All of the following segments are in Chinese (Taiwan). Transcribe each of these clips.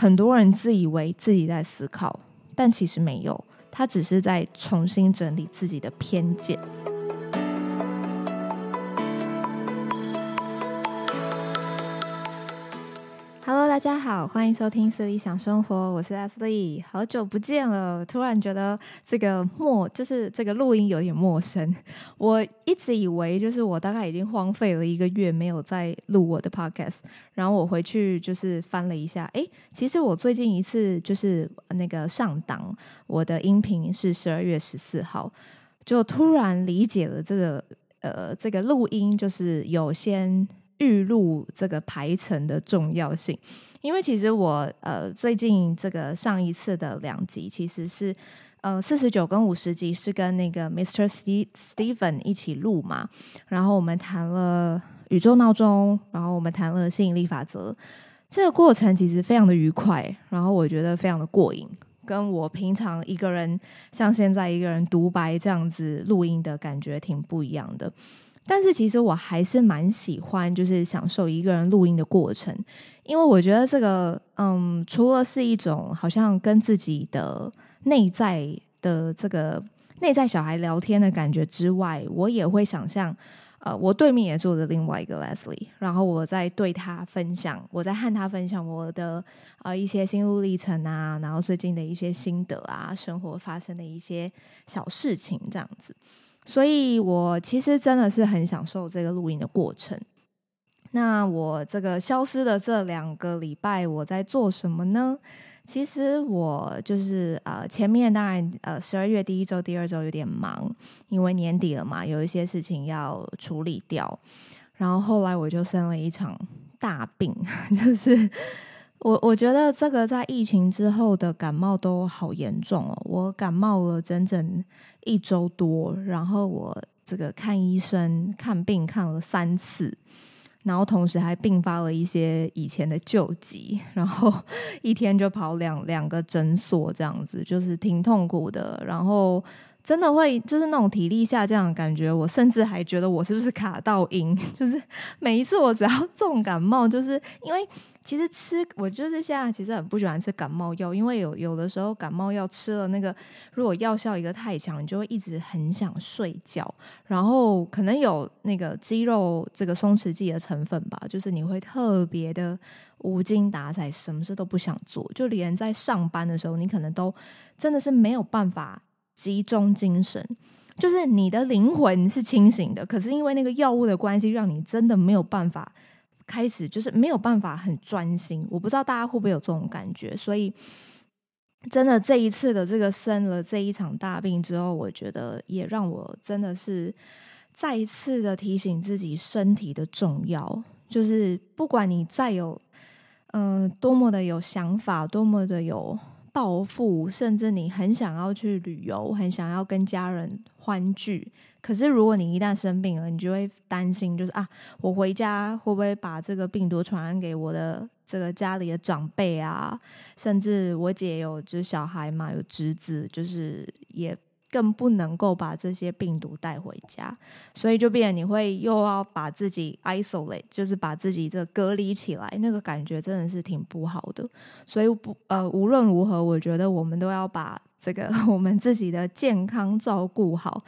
很多人自以為自己在思考，但其實沒有，他只是在重新整理自己的偏見。Hello，大家好，歡迎收聽《斯理想生活》，我是 Lesley，好久不見了。突然覺得這個默，就是這個錄音有點陌生。我一直以為就是我大概已經荒廢了一個月沒有再錄我的 podcast，然後我回去就是翻了一下，哎，其實我最近一次就是那個上檔我的音頻是十二月十四號，就突然理解了這個呃這個錄音就是有先。預錄這個排程的重要性，因為其實我呃最近這個上一次的兩集其實是呃四十九跟五十集是跟那個 Mr. Steve Stephen 一起錄嘛，然後我們談了宇宙鬧鐘，然後我們談了吸引力法則，這個過程其實非常的愉快，然後我覺得非常的過癮，跟我平常一個人像現在一個人獨白這樣子錄音的感覺挺不一樣的。但是其實我還是蠻喜歡，就是享受一個人錄音的過程，因為我覺得這個，嗯，除了是一種好像跟自己的內在的這個內在小孩聊天的感覺之外，我也會想象，呃，我對面也坐着另外一個 Lesley，然後我在對他分享，我在和他分享我的呃一些心路歷程啊，然後最近的一些心得啊，生活發生的一些小事情，這樣子。所以我其實真的是很享受這個錄音的過程。那我這個消失的這兩個禮拜，我在做什麼呢？其實我就是啊、呃，前面當然呃，十二月第一周、第二周有點忙，因為年底了嘛，有一些事情要處理掉。然後後來我就生了一場大病，就是。我我覺得這個在疫情之後的感冒都好嚴重哦！我感冒了整整一周多，然後我這個看醫生看病看了三次，然後同時還併發了一些以前的舊疾，然後一天就跑兩兩個診所，這樣子就是挺痛苦的，然後。真的會就是那種體力下降的感覺，我甚至還覺得我是不是卡到陰，就是每一次我只要重感冒，就是因為其實吃我就是現在其實很不喜歡吃感冒藥，因為有有的時候感冒藥吃了那個，如果藥效一個太強，你就會一直很想睡覺，然後可能有那個肌肉這個鬆弛劑的成分吧，就是你會特別的無精打采，什麼事都不想做，就連在上班的時候，你可能都真的是沒有辦法。集中精神，就是你的靈魂是清醒的，可是因為那個藥物的關係，讓你真的沒有辦法開始，就是沒有辦法很專心。我不知道大家會不會有這種感覺，所以真的這一次的這個生了這一場大病之後，我覺得也讓我真的是再一次的提醒自己身體的重要，就是不管你再有嗯、呃、多麼的有想法，多麼的有。暴富，甚至你很想要去旅遊，很想要跟家人歡聚。可是，如果你一旦生病了，你就會擔心，就是啊，我回家會不會把這個病毒傳染給我的這個家裡的長輩啊？甚至我姐有就是小孩嘛，有侄子，就是也。更不能夠把這些病毒帶回家，所以就變你會又要把自己 isolate，就是把自己這隔離起來，那個感覺真的是挺不好的。所以不呃，無論如何，我覺得我們都要把這個我們自己的健康照顧好，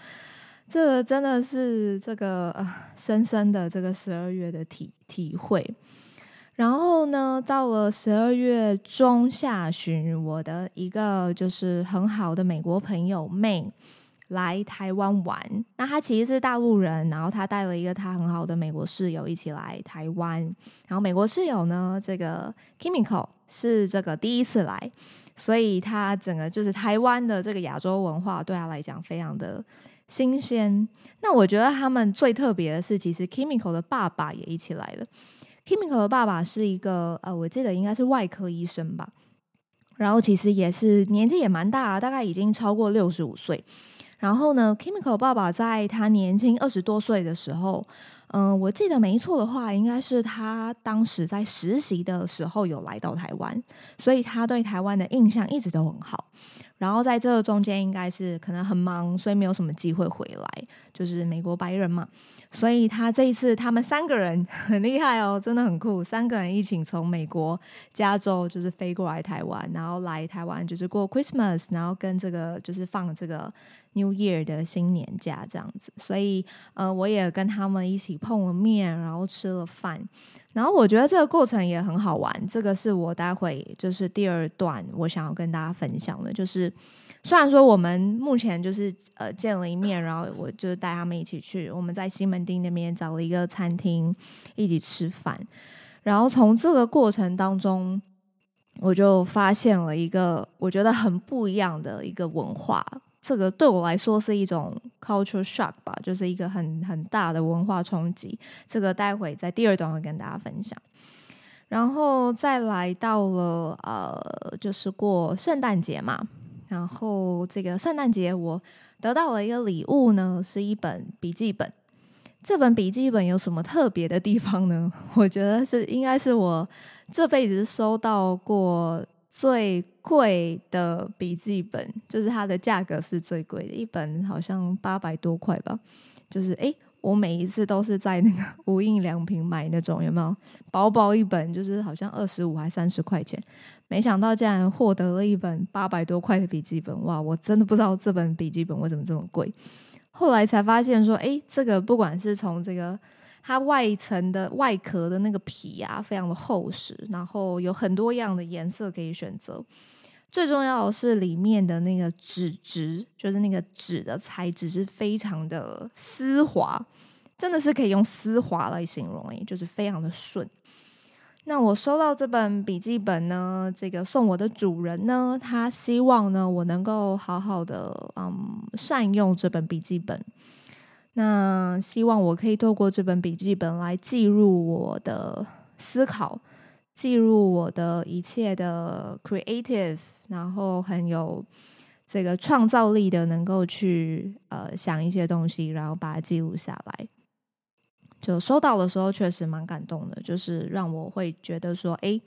這個真的是這個深深的這個十二月的體體會。然後呢，到了十二月中下旬，我的一個就是很好的美國朋友 May 來台灣玩。那她其實是大陸人，然後她帶了一個她很好的美國室友一起來台灣。然後美國室友呢，這個 Kimiko 是這個第一次來，所以他整個就是台灣的這個亞洲文化對他來講非常的新鮮。那我覺得他們最特別的是，其實 Kimiko 的爸爸也一起來了。Kimiko 的爸爸是一個呃，我記得應該是外科醫生吧。然後其實也是年紀也蠻大，啊，大概已經超過六十五歲。然後呢，Kimiko 爸爸在他年輕二十多歲的時候，嗯、呃，我記得沒錯的話，應該是他當時在實習的時候有來到台灣，所以他對台灣的印象一直都很好。然後在這中間應該是可能很忙，所以沒有什麼機會回來，就是美國白人嘛。所以他這一次他們三個人很厲害哦，真的很酷。三個人一起從美國加州就是飛過來台灣，然後來台灣就是過 Christmas，然後跟這個就是放這個 New Year 的新年假這樣子。所以呃，我也跟他們一起碰了面，然後吃了飯，然後我覺得這個過程也很好玩。這個是我待會就是第二段我想要跟大家分享的，就是。雖然說我們目前就是呃見了一面，然後我就帶他們一起去，我們在西門町那邊找了一個餐廳一起吃飯，然後從這個過程當中，我就發現了一個我覺得很不一樣的一個文化，這個對我來說是一種 culture shock 吧，就是一個很很大的文化衝擊，這個待會在第二段會跟大家分享，然後再來到了呃就是過聖誕節嘛。然後這個聖誕節我得到了一個禮物呢，是一本筆記本。這本筆記本有什麼特別的地方呢？我覺得是應該是我這輩子收到過最貴的筆記本，就是它的價格是最貴的一本，好像八百多塊吧。就是哎。誒我每一次都是在那個無印良品買那種，有沒有？薄薄一本，就是好像二十五還三十塊錢。沒想到竟然獲得了一本八百多塊的筆記本，哇！我真的不知道這本筆記本為什麼這麼貴。後來才發現說，哎、欸，這個不管是從這個它外層的外殼的那個皮啊，非常的厚實，然後有很多樣的顏色可以選擇。最重要的是裡面的那個紙質，就是那個紙的材質是非常的絲滑。真的是可以用絲滑來形容誒，就是非常的順。那我收到這本筆記本呢，這個送我的主人呢，他希望呢，我能夠好好的，嗯，善用這本筆記本。那希望我可以透過這本筆記本來記錄我的思考，記錄我的一切的 creative，然後很有這個創造力的，能夠去呃想一些東西，然後把它記錄下來。就收到的時候確實蠻感動的，就是讓我會覺得說，欸，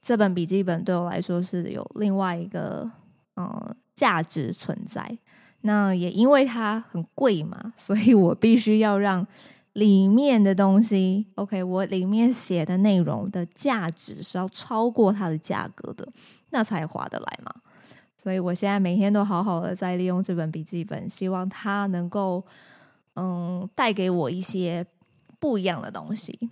這本筆記本對我來說是有另外一個嗯價值存在。那也因為它很貴嘛，所以我必須要讓裡面的東西，OK，我裡面寫的內容的價值是要超過它的價格的，那才划得來嘛。所以我現在每天都好好的在利用這本筆記本，希望它能夠嗯帶給我一些不一樣的東西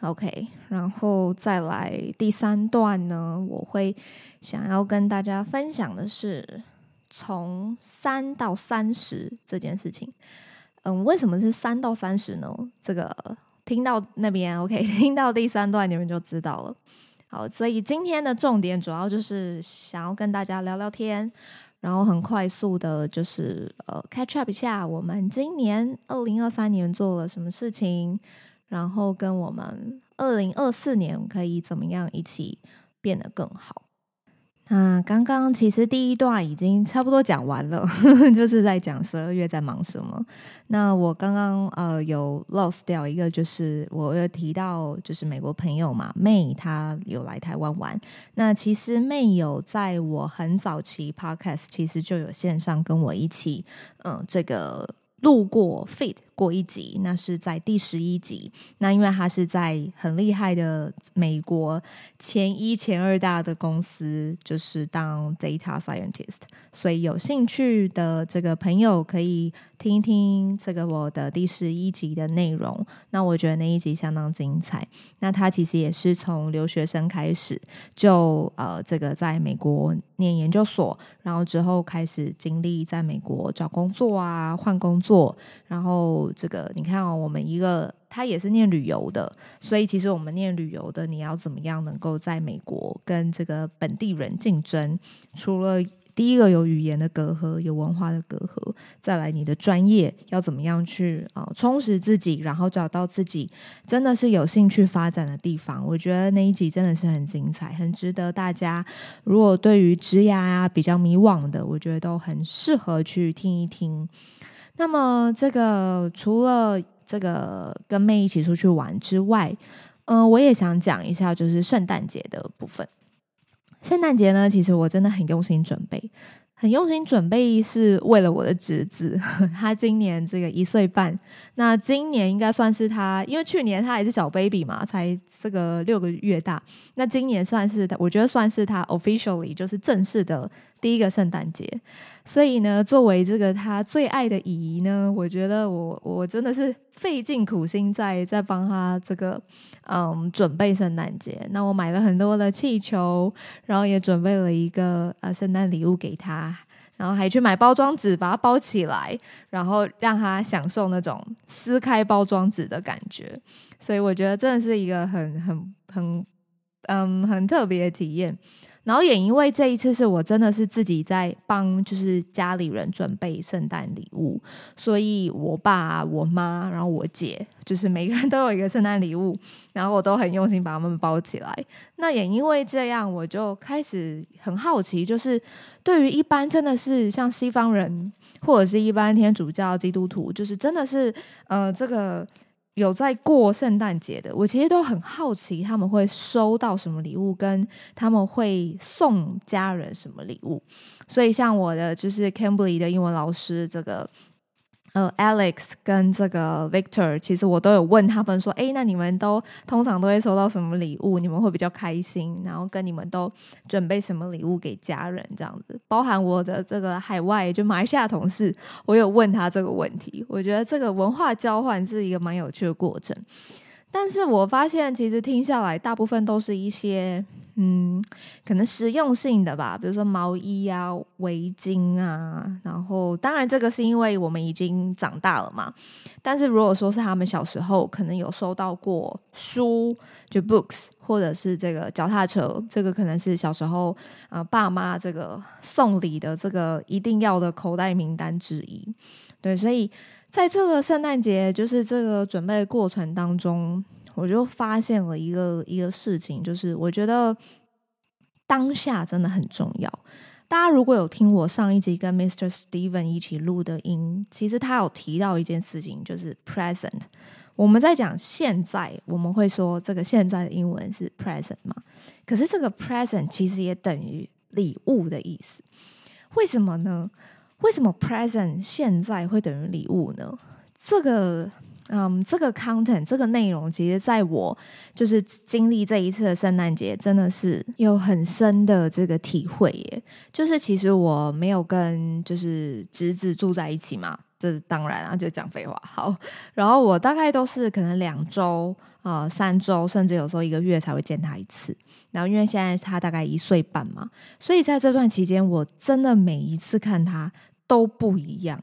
，OK，然後再來第三段呢，我會想要跟大家分享的是從三到三十這件事情。嗯，為什麼是三到三十呢？這個聽到那邊 OK，聽到第三段你們就知道了。好，所以今天的重點主要就是想要跟大家聊聊天。然後很快速的，就是呃，catch up 一下，我們今年二零二三年做了什麼事情，然後跟我們二零二四年可以怎麼樣一起變得更好。那、啊、剛剛其實第一段已經差不多講完了，呵呵，就是在講十二月在忙什麼。那我剛剛呃有 lost 掉一個，就是我有提到就是美國朋友嘛，妹她有來台灣玩。那其實妹有在我很早期 podcast，其實就有線上跟我一起，嗯、呃，這個路過 fit 過一集，那是在第十一集。那因為他是在很厲害的美國前一、前二大的公司，就是當 data scientist，所以有興趣的這個朋友可以聽一聽這個我的第十一集的內容。那我覺得那一集相當精彩。那他其實也是從留學生開始就，就呃這個在美國念研究所，然後之後開始經歷在美國找工作啊、換工作，然後。這個你看哦，我們一個他也是念旅遊的，所以其實我們念旅遊的，你要怎麼樣能夠在美國跟這個本地人競爭？除了第一個有語言的隔閡，有文化的隔閡，再來你的專業要怎麼樣去啊、呃、充實自己，然後找到自己真的是有興趣發展的地方。我覺得那一集真的是很精彩，很值得大家。如果對於職涯啊比較迷惘的，我覺得都很適合去聽一聽。那麼，這個除了這個跟妹一起出去玩之外，嗯、呃，我也想講一下，就是聖誕節的部分。聖誕節呢，其實我真的很用心準備，很用心準備是為了我的侄子，他今年這個一歲半。那今年應該算是他，因為去年他還是小 baby 嘛，才這個六個月大。那今年算是，我覺得算是他 officially 就是正式的。第一個聖誕節，所以呢，作為這個他最愛的姨姨呢，我覺得我我真的是費盡苦心在在幫他這個嗯準備聖誕節。那我買了很多的氣球，然後也準備了一個呃聖誕禮物給他，然後還去買包裝紙把它包起來，然後讓他享受那種撕開包裝紙的感覺。所以我覺得真的是一個很很很嗯很特別的體驗。然後也因為這一次是我真的是自己在幫就是家裡人準備聖誕禮物，所以我爸我媽然後我姐就是每個人都有一個聖誕禮物，然後我都很用心把他們包起來。那也因為這樣，我就開始很好奇，就是對於一般真的是像西方人或者是一般天主教基督徒，就是真的是呃這個。有在過聖誕節的，我其實都很好奇他們會收到什麼禮物，跟他們會送家人什麼禮物。所以像我的就是 Cambly 的英文老師這個。呃，Alex 跟這個 Victor，其實我都有問他們說，哎，那你們都通常都會收到什麼禮物？你們會比較開心，然後跟你們都準備什麼禮物給家人這樣子。包含我的這個海外，就馬來西亞同事，我有問他這個問題。我覺得這個文化交換是一個蠻有趣的過程，但是我發現其實聽下來，大部分都是一些。嗯，可能實用性的吧，比如說毛衣啊、圍巾啊，然後當然這個是因為我們已經長大了嘛。但是如果說是他們小時候，可能有收到過書，就是 books，或者是這個腳踏車，這個可能是小時候啊、呃、爸媽這個送禮的這個一定要的口袋名單之一。對，所以在這個聖誕節，就是這個準備過程當中。我就發現了一個一個事情，就是我覺得當下真的很重要。大家如果有聽我上一集跟 Mr. Steven 一起錄的音，其實他有提到一件事情，就是 present。我們在講現在，我們會說這個現在的英文是 present 嘛，可是這個 present 其實也等於禮物的意思。為什麼呢？為什麼 present 現在會等於禮物呢？這個。嗯，um，這個 content 這個內容，其實在我就是經歷這一次的聖誕節，真的是有很深的這個體會耶。就是其實我沒有跟就是侄子住在一起嘛，這當然啊就講廢話好。然後我大概都是可能兩周、呃三周，甚至有時候一個月才會見他一次。然後因為現在他大概一歲半嘛，所以在這段期間，我真的每一次看他都不一樣。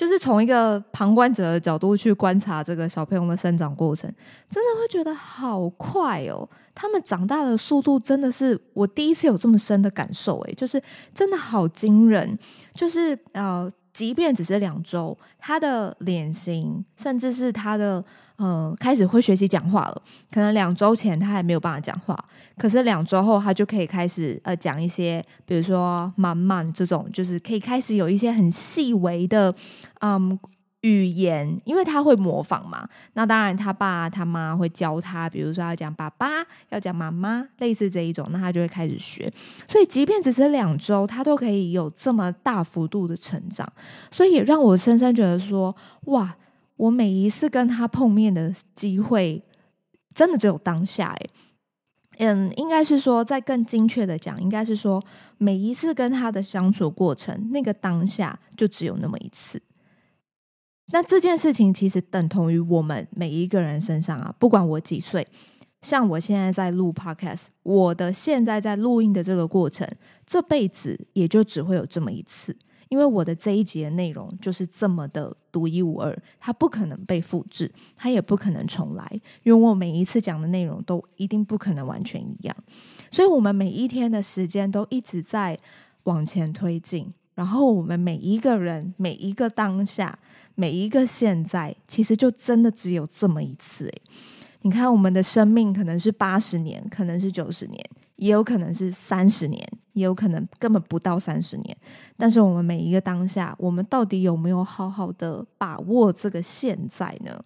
就是從一個旁觀者的角度去觀察這個小朋友的生長過程，真的會覺得好快哦！他們長大的速度真的是我第一次有這麼深的感受，誒，就是真的好驚人，就是呃。即便只是兩周，他的臉型，甚至是他的呃、嗯，開始會學習講話了。可能兩周前他還沒有辦法講話，可是兩周後他就可以開始呃講一些，比如說“滿滿”這種，就是可以開始有一些很細微的，嗯。語言，因為他會模仿嘛，那當然他爸他媽會教他，比如說要講爸爸，要講媽媽，類似這一種，那他就會開始學。所以，即便只是兩周，他都可以有這麼大幅度的成長，所以讓我深深覺得說，哇，我每一次跟他碰面的機會，真的只有當下欸。嗯，應該是說，在更精確的講，應該是說每一次跟他的相處過程，那個當下就只有那麼一次。那這件事情其實等同於我們每一個人身上啊，不管我幾歲，像我現在在錄 podcast，我的現在在錄音的這個過程，這輩子也就只會有這麼一次，因為我的這一集的內容就是這麼的獨一無二，它不可能被複製，它也不可能重來，因為我每一次講的內容都一定不可能完全一樣，所以我們每一天的時間都一直在往前推進，然後我們每一個人每一個當下。每一個現在，其實就真的只有這麼一次。誒，你看，我們的生命可能是八十年，可能是九十年，也有可能是三十年，也有可能根本不到三十年。但是，我們每一個當下，我們到底有沒有好好的把握這個現在呢？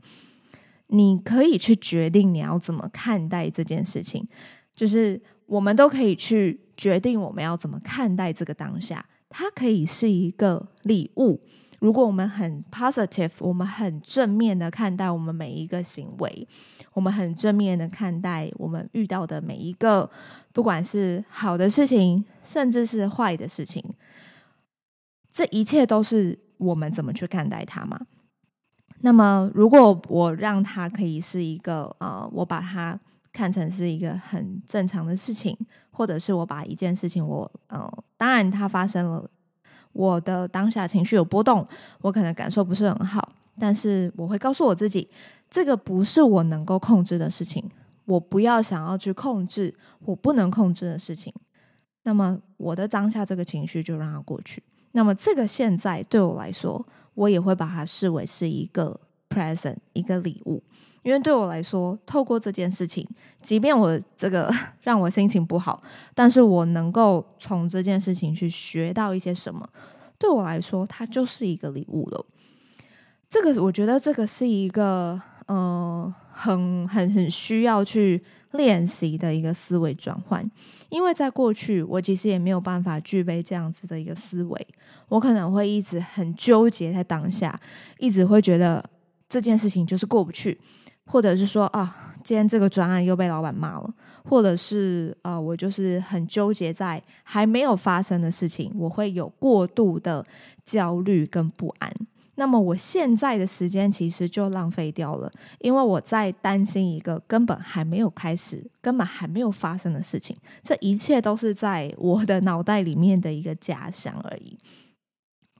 你可以去決定你要怎麼看待這件事情。就是我們都可以去決定我們要怎麼看待這個當下。它可以是一個禮物。如果我們很 positive，我們很正面的看待我們每一個行為，我們很正面的看待我們遇到的每一個，不管是好的事情，甚至是壞的事情，這一切都是我們怎麼去看待它嘛。那麼，如果我讓它可以是一個呃，我把它看成是一個很正常的事情，或者是我把一件事情我，我呃，當然它發生了。我的當下情緒有波動，我可能感受不是很好，但是我會告訴我自己，這個不是我能夠控制的事情，我不要想要去控制我不能控制的事情。那麼我的當下這個情緒就讓它過去。那麼這個現在對我來說，我也會把它視為是一個 present，一個禮物。因為對我來說，透過這件事情，即便我這個讓我心情不好，但是我能夠從這件事情去學到一些什麼，對我來說，它就是一個禮物了。這個我覺得這個是一個嗯、呃，很很很需要去練習的一個思維轉換，因為在過去我其實也沒有辦法具備這樣子的一個思維，我可能會一直很糾結在當下，一直會覺得這件事情就是過不去。或者是說啊，今天這個專案又被老闆罵了，或者是呃，我就是很糾結在還沒有發生的事情，我會有過度的焦慮跟不安。那麼我現在的時間其實就浪費掉了，因為我在擔心一個根本還沒有開始，根本還沒有發生的事情。這一切都是在我的腦袋裡面的一個假想而已。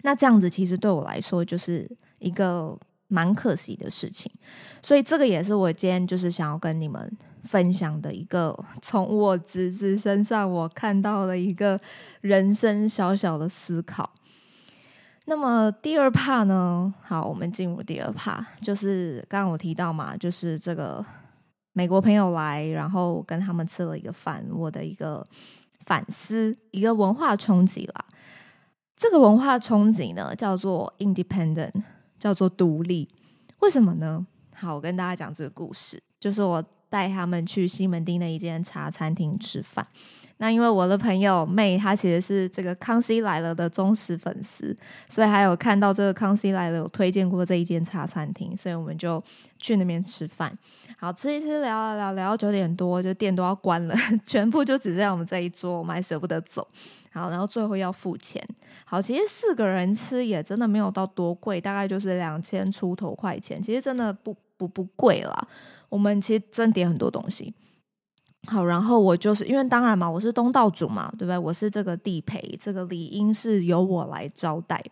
那這樣子其實對我來說就是一個蠻可惜的事情，所以這個也是我今天就是想要跟你們分享的一個，從我侄子身上我看到了一個人生小小的思考。那麼第二趴呢？好，我們進入第二趴，就是剛剛我提到嘛，就是這個美國朋友來，然後跟他們吃了一個飯，我的一個反思，一個文化衝擊啦。這個文化衝擊呢，叫做 Independent。叫做獨立，為什麼呢？好，我跟大家講這個故事，就是我帶他們去西門町的一間茶餐廳吃飯。那因為我的朋友妹，她其實是這個《康熙來了》的忠實粉絲，所以還有看到這個《康熙來了》有推薦過這一間茶餐廳，所以我們就去那邊吃飯，好，吃一吃，聊聊聊，聊到九點多，就店都要關了，全部就只剩我們這一桌，我們還捨不得走。好，然後最後要付錢。好，其實四個人吃也真的沒有到多貴，大概就是兩千出頭塊錢，其實真的不不不貴啦。我們其實真點很多東西。好，然後我就是因為當然嘛，我是東道主嘛，對不對？我是這個地陪，這個理應是由我來招待。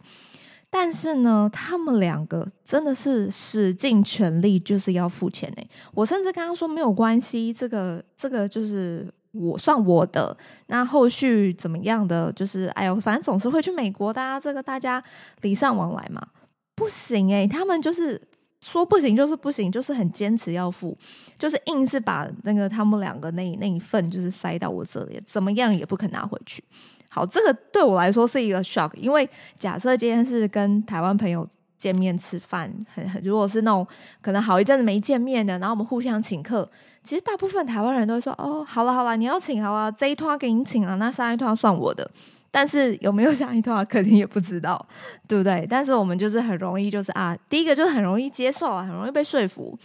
但是呢，他們兩個真的是使盡全力，就是要付錢呢、欸。我甚至剛剛說沒有關係，這個這個就是。我算我的，那後續怎麼樣的？就是哎呦，反正總是會去美國的啊，這個大家禮尚往來嘛。不行誒，欸，他們就是說不行，就是不行，就是很堅持要付，就是硬是把那個他們兩個那一那一份，就是塞到我這裡，怎麼樣也不肯拿回去。好，這個對我來說是一個 shock，因為假設今天是跟台灣朋友。見面吃飯，很很，如果是那種可能好一陣子沒見面的，然後我們互相請客，其實大部分台灣人都會說哦，好了好了，你要請好了這一攤給你請了，那上一攤算我的，但是有沒有下一攤，肯定也不知道，對不對？但是我們就是很容易，就是啊，第一個就是很容易接受啊，很容易被說服，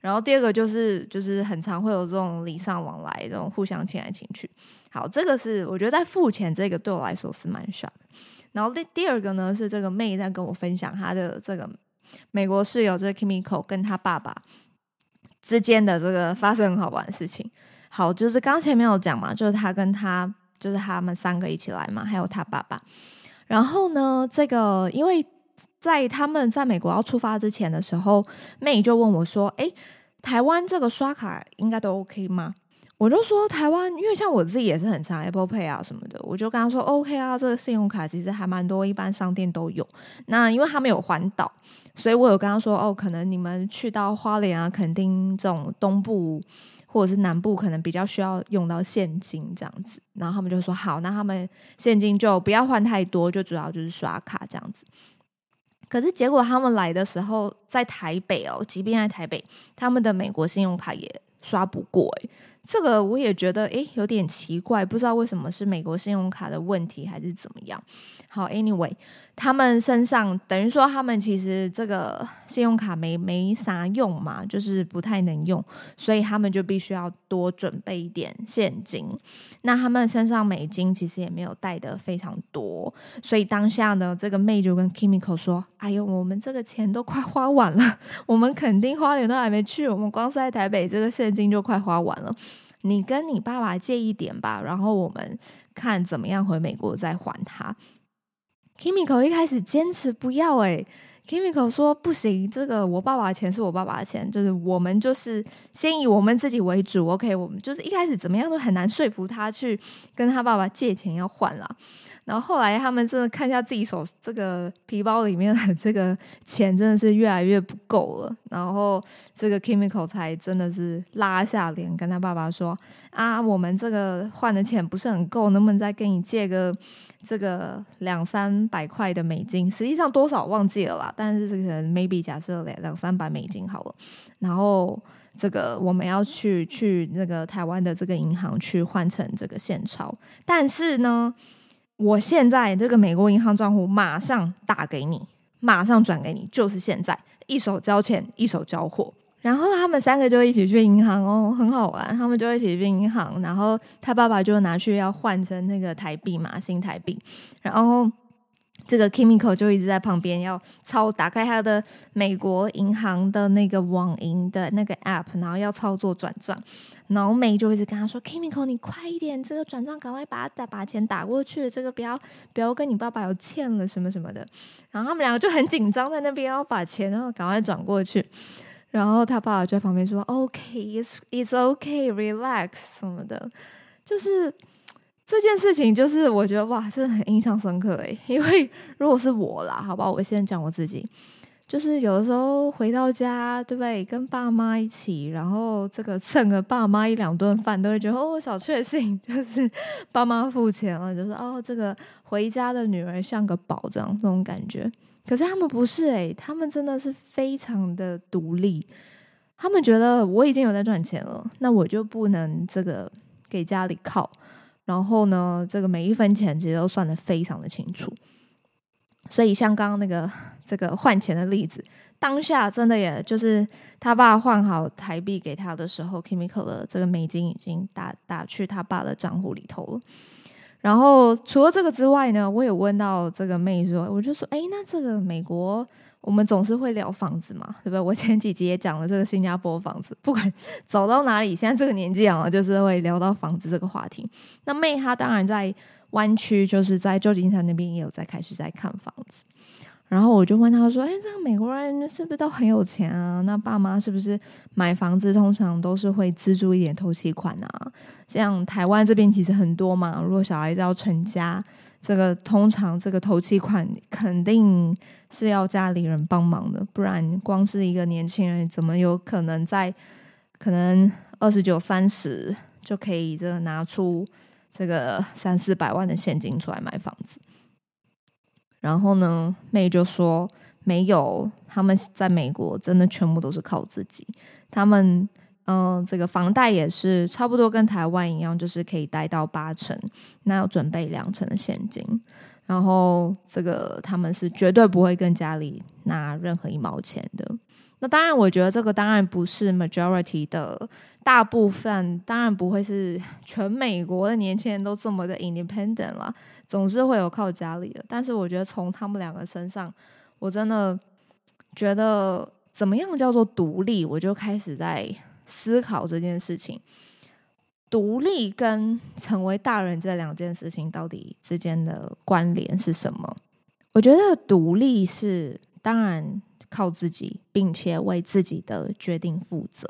然後第二個就是就是很常會有這種禮尚往來，這種互相請來請去。好，這個是我覺得在付錢這個對我來說是蠻 shock 的然後第第二個呢，是這個妹在跟我分享她的這個美國室友這個、就是、Kimiko 跟她爸爸之間的這個發生很好玩的事情。好，就是剛前面有講嘛，就是她跟她就是他們三個一起來嘛，還有她爸爸。然後呢，這個因為在他們在美國要出發之前的時候，妹就問我說：“誒，台灣這個刷卡應該都 OK 嗎？”我就說台灣，因為像我自己也是很常 Apple Pay 啊什麼的，我就跟他說 OK、哦、啊，這個信用卡其實還蠻多，一般商店都有。那因為他們有環島，所以我有跟他說哦，可能你們去到花蓮啊，墾丁這種東部或者是南部，可能比較需要用到現金這樣子。然後他們就說好，那他們現金就不要換太多，就主要就是刷卡這樣子。可是結果他們來的時候，在台北哦，即便在台北，他們的美國信用卡也刷不過誒、欸。這個我也覺得誒有點奇怪，不知道為什麼是美國信用卡的問題還是怎麼樣。好，anyway，他們身上等於說，他們其實這個信用卡沒沒啥用嘛，就是不太能用，所以他們就必須要多準備一點現金。那他們身上美金其實也沒有帶得非常多，所以當下呢，這個妹就跟 Kimiko 說：“哎呦，我們這個錢都快花完了，我們墾丁花蓮都還沒去，我們光是在台北這個現金就快花完了。”你跟你爸爸借一點吧，然後我們看怎麼樣回美國再還他。Kimiko 一開始堅持不要哎、欸，Kimiko 說不行，這個我爸爸的錢是我爸爸的錢，就是我們就是先以我們自己為主，OK，我們就是一開始怎麼樣都很難說服他去跟他爸爸借錢要還了。然後後來他們真的看一下自己手這個皮包裡面的這個錢真的是越來越不夠了。然後這個 chemical 才真的是拉下臉跟他爸爸說：“啊，我們這個換的錢不是很夠，能不能再跟你借個這個兩三百塊的美金？實際上多少我忘記了啦，但是這個 maybe 假設兩兩三百美金好了。然後這個我們要去去那個台灣的這個銀行去換成這個現鈔，但是呢？”我現在這個美國銀行賬戶馬上打給你，馬上轉給你，就是現在，一手交錢，一手交貨。然後他們三個就一起去銀行哦，很好玩，他們就一起去銀行，然後他爸爸就拿去要換成那個台幣嘛，新台幣，然後。這個 Kimiko 就一直在旁邊要操打開他的美國銀行的那個網銀的那個 app，然後要操作轉賬。然後美就一直跟他說：“Kimiko，你快一點，這個轉賬趕快把他打把錢打過去，這個不要不要跟你爸爸有欠了什麼什麼的。”然後他們兩個就很緊張，在那邊要把錢，然後趕快轉過去。然後他爸爸就在旁邊說：“OK，it's it's OK，relax 什麼的，就是。”這件事情就是我覺得哇，真的很印象深刻誒。因為如果是我啦，好吧，我先講我自己，就是有的時候回到家，對不對？跟爸媽一起，然後這個蹭個爸媽一兩頓飯，都會覺得哦，小確幸，就是爸媽付錢了，就是哦，這個回家的女兒像個寶這樣，這種感覺。可是他們不是誒，他們真的是非常的獨立，他們覺得我已經有在賺錢了，那我就不能這個給家裡靠。然後呢，這個每一分錢其實都算得非常的清楚，所以像剛剛那個這個換錢的例子，當下真的也就是他爸換好台幣給他的時候，Kimiko 的這個美金已經打打去他爸的賬戶裡頭了。然後除了這個之外呢，我也問到這個妹說，我就說，哎，那這個美國。我們總是會聊房子嘛，對不對？我前幾集也講了這個新加坡房子，不管走到哪裡，現在這個年紀啊，就是會聊到房子這個話題。那妹她當然在灣區，就是在舊金山那邊也有在開始在看房子。然後我就問她說：“哎，這個美國人是不是都很有錢啊？那爸媽是不是買房子通常都是會資助一點頭期款啊？像台灣這邊其實很多嘛，如果小孩子要成家。”這個通常這個頭期款肯定是要家裡人幫忙的，不然光是一個年輕人怎麼有可能在可能二十九三十就可以這個拿出這個三四百萬的現金出來買房子？然後呢，妹就說沒有，他們在美國真的全部都是靠自己，他們。嗯，這個房貸也是差不多跟台灣一樣，就是可以貸到八成，那要準備兩成的現金。然後這個他們是絕對不會跟家裡拿任何一毛錢的。那當然，我覺得這個當然不是 majority 的大部分，當然不會是全美國的年輕人都這麼的 independent 啦，總是會有靠家裡的。但是我覺得從他們兩個身上，我真的覺得怎麼樣叫做獨立，我就開始在。思考這件事情，獨立跟成為大人這兩件事情到底之間的關聯是什麼？我覺得獨立是當然靠自己，並且為自己的決定負責。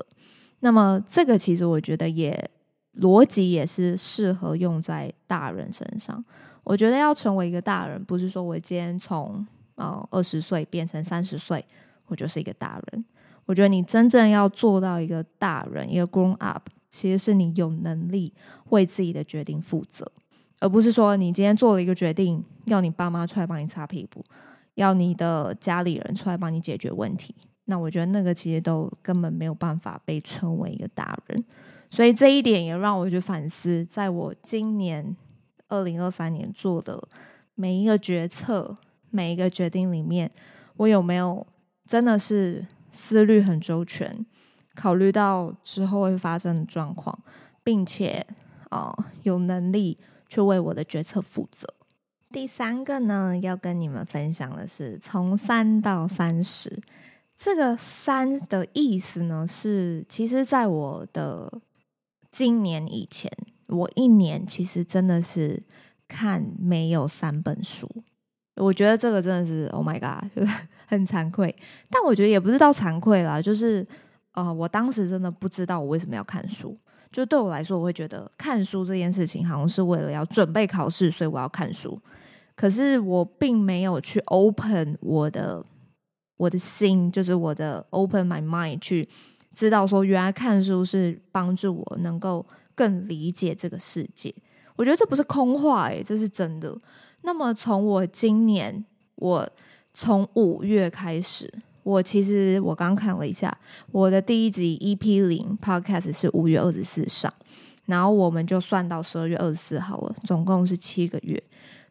那麼這個其實我覺得也邏輯也是適合用在大人身上。我覺得要成為一個大人，不是說我今天從呃二十歲變成三十歲，我就是一個大人。我覺得你真正要做到一個大人，一個 grown up，其實是你有能力為自己的決定負責，而不是說你今天做了一個決定，要你爸媽出來幫你擦屁股，要你的家裡人出來幫你解決問題。那我覺得那個其實都根本沒有辦法被稱為一個大人。所以這一點也讓我去反思，在我今年二零二三年做的每一個決策、每一個決定裡面，我有沒有真的是。思慮很周全，考慮到之後會發生的狀況，並且啊、呃、有能力去為我的決策負責。第三個呢，要跟你們分享的是，從三到三十，這個三的意思呢，是其實，在我的今年以前，我一年其實真的是看沒有三本書。我覺得這個真的是 Oh my God，很慚愧。但我覺得也不知道慚愧啦，就是呃，我當時真的不知道我為什麼要看書。就對我來說，我會覺得看書這件事情好像是為了要準備考試，所以我要看書。可是我並沒有去 open 我的我的心，就是我的 open my mind 去知道說，原來看書是幫助我能夠更理解這個世界。我覺得這不是空話，欸，哎，這是真的。那麼從我今年，我從五月開始，我其實我剛看了一下，我的第一集 EP 零 Podcast 是五月二十四上，然後我們就算到十二月二十四號了，總共是七個月。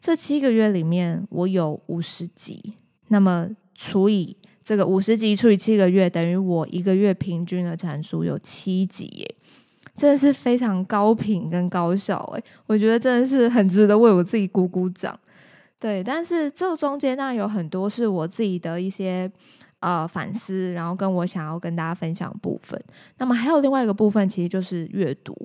這七個月裡面，我有五十集，那麼除以這個五十集除以七個月，等於我一個月平均的產出有七集耶。真的是非常高頻跟高效誒、欸，我覺得真的是很值得為我自己鼓鼓掌。對，但是這中間當然有很多是我自己的一些呃反思，然後跟我想要跟大家分享的部分。那麼還有另外一個部分，其實就是閱讀。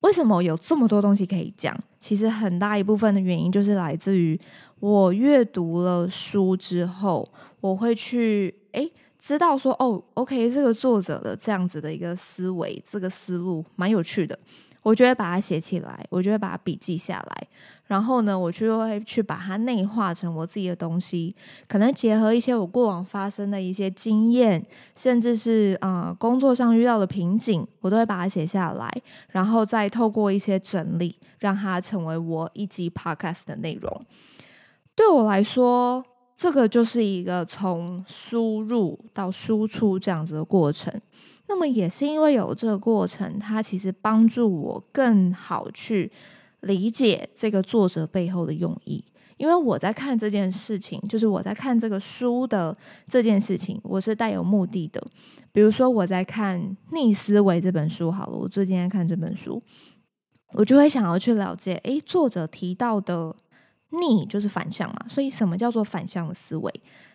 為什麼有這麼多東西可以講？其實很大一部分的原因就是來自於我閱讀了書之後，我會去哎、誒知道說哦，OK，這個作者的這樣子的一個思維，這個思路蠻有趣的。我覺得把它寫起來，我覺得把它筆記下來，然後呢，我就會去把它內化成我自己的東西。可能結合一些我過往發生的一些經驗，甚至是啊、呃、工作上遇到的瓶頸，我都會把它寫下來，然後再透過一些整理，讓它成為我一集 Podcast 的內容。對我來說。這個就是一個從輸入到輸出這樣子的過程。那麼也是因為有這個過程，它其實幫助我更好去理解這個作者背後的用意。因為我在看這件事情，就是我在看這個書的這件事情，我是帶有目的的。比如說我在看《逆思維》這本書，好了，我最近在看這本書，我就會想要去了解，哎，作者提到的。逆就是反向嘛，所以什麼叫做反向的思維？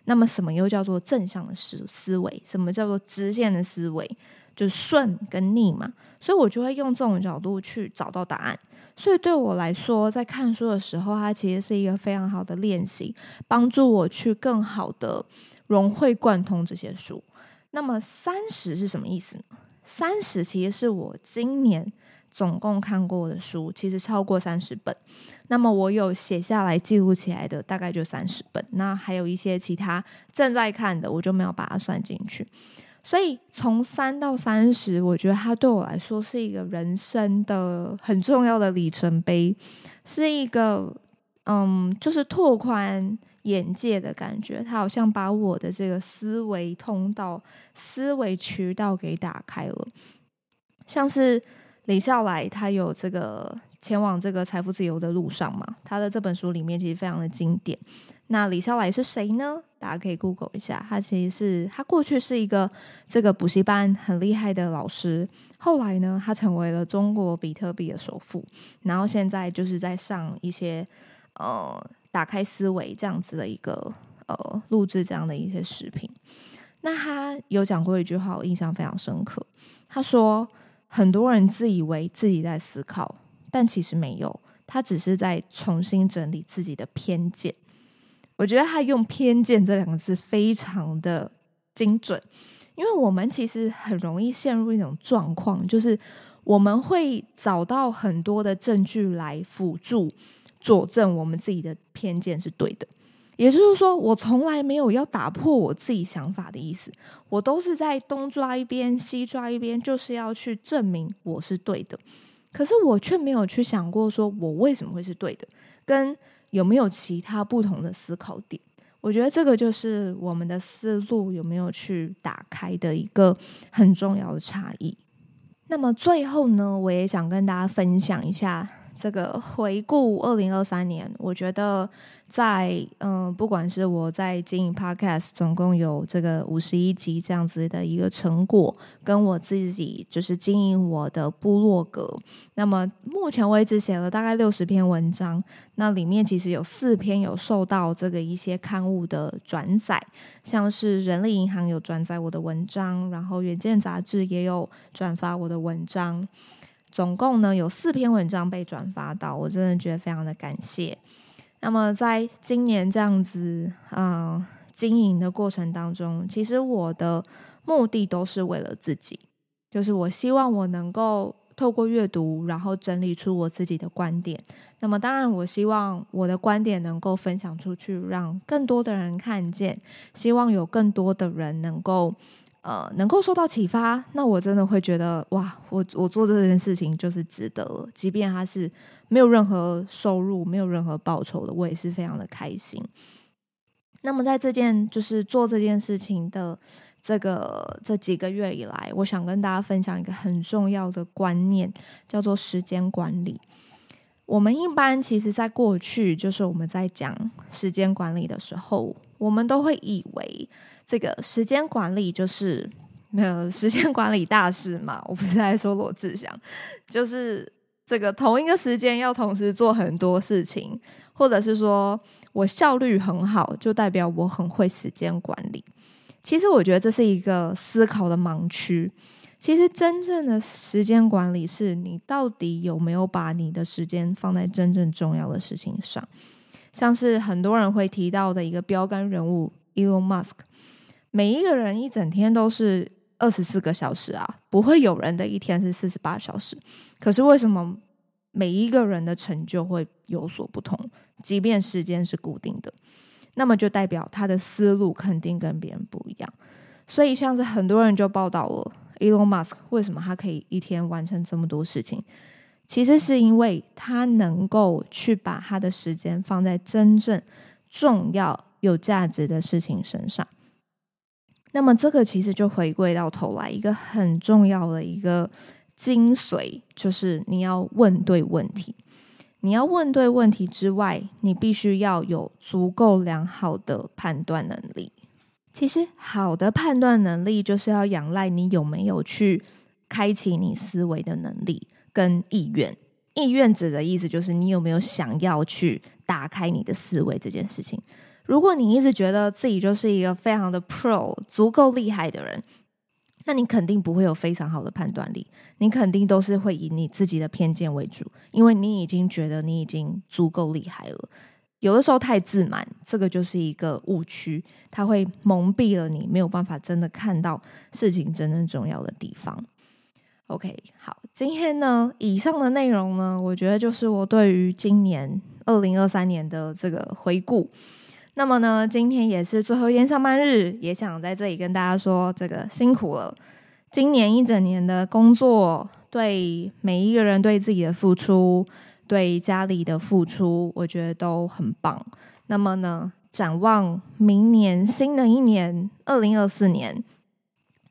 那麼什麼又叫做正向的思思維？什麼叫做直線的思維？就是順跟逆嘛。所以我就會用這種角度去找到答案。所以對我來說，在看書的時候，它其實是一個非常好的練習，幫助我去更好的融會貫通這些書。那麼三十是什麼意思呢？三十其實是我今年。總共看過的書其實超過三十本，那麼我有寫下來記錄起來的大概就三十本，那還有一些其他正在看的，我就沒有把它算進去。所以從三到三十，我覺得它對我來說是一個人生的很重要的里程碑，是一個嗯，就是拓寬眼界的感覺。它好像把我的這個思維通道、思維渠道給打開了，像是。李笑來，他有這個前往這個財富自由的路上嘛，他的這本書裡面其實非常的經典。那李笑來是誰呢？大家可以 Google 一下，他其實是他過去是一個這個補習班很厲害的老師，後來呢，他成為了中國比特幣的首富，然後現在就是在上一些呃打開思維這樣子的一個呃錄制這樣的一些視頻。那他有講過一句話，我印象非常深刻，他說，很多人自以為自己在思考，但其實沒有，他只是在重新整理自己的偏見。我覺得他用“偏見”這兩個字非常的精準，因為我們其實很容易陷入一種狀況，就是我們會找到很多的證據來輔助佐證我們自己的偏見是對的。也就是說，我從來沒有要打破我自己想法的意思，我都是在東抓一邊，西抓一邊，就是要去證明我是對的。可是我卻沒有去想過，說我為什麼會是對的，跟有沒有其他不同的思考點。我覺得這個就是我們的思路有沒有去打開的一個很重要的差異。那麼最後呢，我也想跟大家分享一下。這個回顧二零二三年，我覺得在嗯，不管是我在經營 Podcast，總共有這個五十一集這樣子的一個成果，跟我自己就是經營我的部落格。那麼目前為止寫了大概六十篇文章，那裡面其實有四篇有受到這個一些刊物的轉載，像是人力銀行有轉載我的文章，然後遠見雜誌也有轉發我的文章。總共呢，有四篇文章被轉發到，我真的覺得非常的感謝。那麼在今年這樣子嗯、呃、經營的過程當中，其實我的目的都是為了自己，就是我希望我能夠透過閱讀，然後整理出我自己的觀點。那麼當然，我希望我的觀點能夠分享出去，讓更多的人看見，希望有更多的人能夠。呃，能夠受到啟發，那我真的會覺得，哇，我我做這件事情就是值得了，即便它是沒有任何收入，沒有任何報酬的，我也是非常的開心。那麼在這件就是做這件事情的這個這幾個月以來，我想跟大家分享一個很重要的觀念，叫做時間管理。我們一般其實在過去，就是我們在講時間管理的時候，我們都會以為，這個時間管理就是沒有時間管理大師嘛？我不是在說羅志祥，就是這個同一個時間要同時做很多事情，或者是說我效率很好，就代表我很會時間管理。其實我覺得這是一個思考的盲區。其實真正的時間管理是你到底有沒有把你的時間放在真正重要的事情上。像是很多人會提到的一個標杆人物，Elon Musk。每一個人一整天都是二十四個小時啊，不會有人的一天是四十八小時。可是為什麼每一個人的成就會有所不同？即便時間是固定的，那麼就代表他的思路肯定跟別人不一樣。所以，像是很多人就報道了 Elon Musk，為什麼他可以一天完成這麼多事情？其實是因為他能夠去把他的時間放在真正重要、有價值的事情身上。那麼，這個其實就回歸到頭來一個很重要的一個精髓，就是你要問對問題。你要問對問題之外，你必須要有足夠良好的判斷能力。其實，好的判斷能力就是要仰賴你有沒有去開啟你思維的能力跟意願。意願指的意思就是你有沒有想要去打開你的思維這件事情。如果你一直覺得自己就是一個非常的 pro，足夠厲害的人，那你肯定不會有非常好的判斷力。你肯定都是會以你自己的偏見為主，因為你已經覺得你已經足夠厲害了。有的時候太自滿，這個就是一個誤區，它會蒙蔽了你，沒有辦法真的看到事情真正重要的地方。OK，好，今天呢，以上的內容呢，我覺得就是我對於今年2023年的這個回顧。那麼呢，今天也是最後一天上班日，也想在這裡跟大家說，這個辛苦了。今年一整年的工作，對每一個人對自己的付出，對家裡的付出，我覺得都很棒。那麼呢，展望明年新的一年，二零二四年，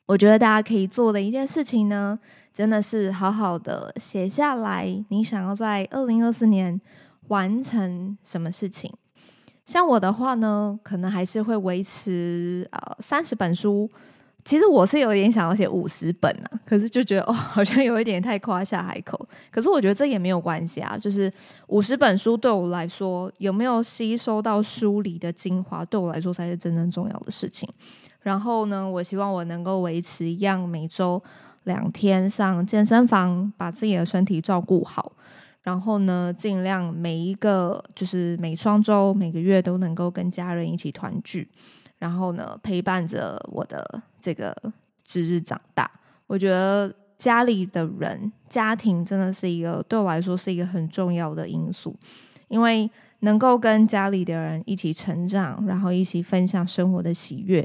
我覺得大家可以做的一件事情呢，真的是好好的寫下來，你想要在二零二四年完成什麼事情。像我的話呢，可能還是會維持呃三十本書。其實我是有點想要寫五十本呢，啊，可是就覺得哦，好像有一點太誇下海口。可是我覺得這也沒有關係啊，就是五十本書對我來說，有沒有吸收到書裡的精華，對我來說才是真正重要的事情。然後呢，我希望我能夠維持一樣，每周兩天上健身房，把自己的身體照顧好。然後呢，盡量每一個就是每雙週、每個月都能夠跟家人一起團聚，然後呢，陪伴着我的這個侄子長大。我覺得家裡的人、家庭真的是一個對我來說是一個很重要的因素，因為能夠跟家裡的人一起成長，然後一起分享生活的喜悅，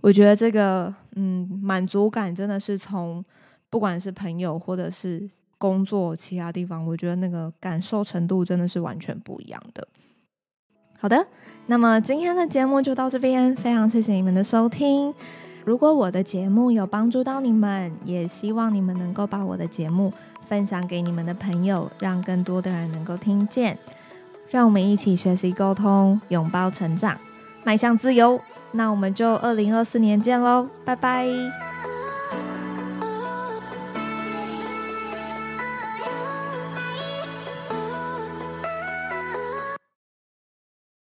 我覺得這個嗯滿足感真的是從不管是朋友或者是。工作其他地方，我覺得那個感受程度真的是完全不一樣的。好的，那麼今天的節目就到這邊，非常謝謝你們的收聽。如果我的節目有幫助到你們，也希望你們能夠把我的節目分享給你們的朋友，讓更多的人能夠聽見。讓我們一起學習溝通，擁抱成長，邁向自由。那我們就二零二四年見嘍，拜拜。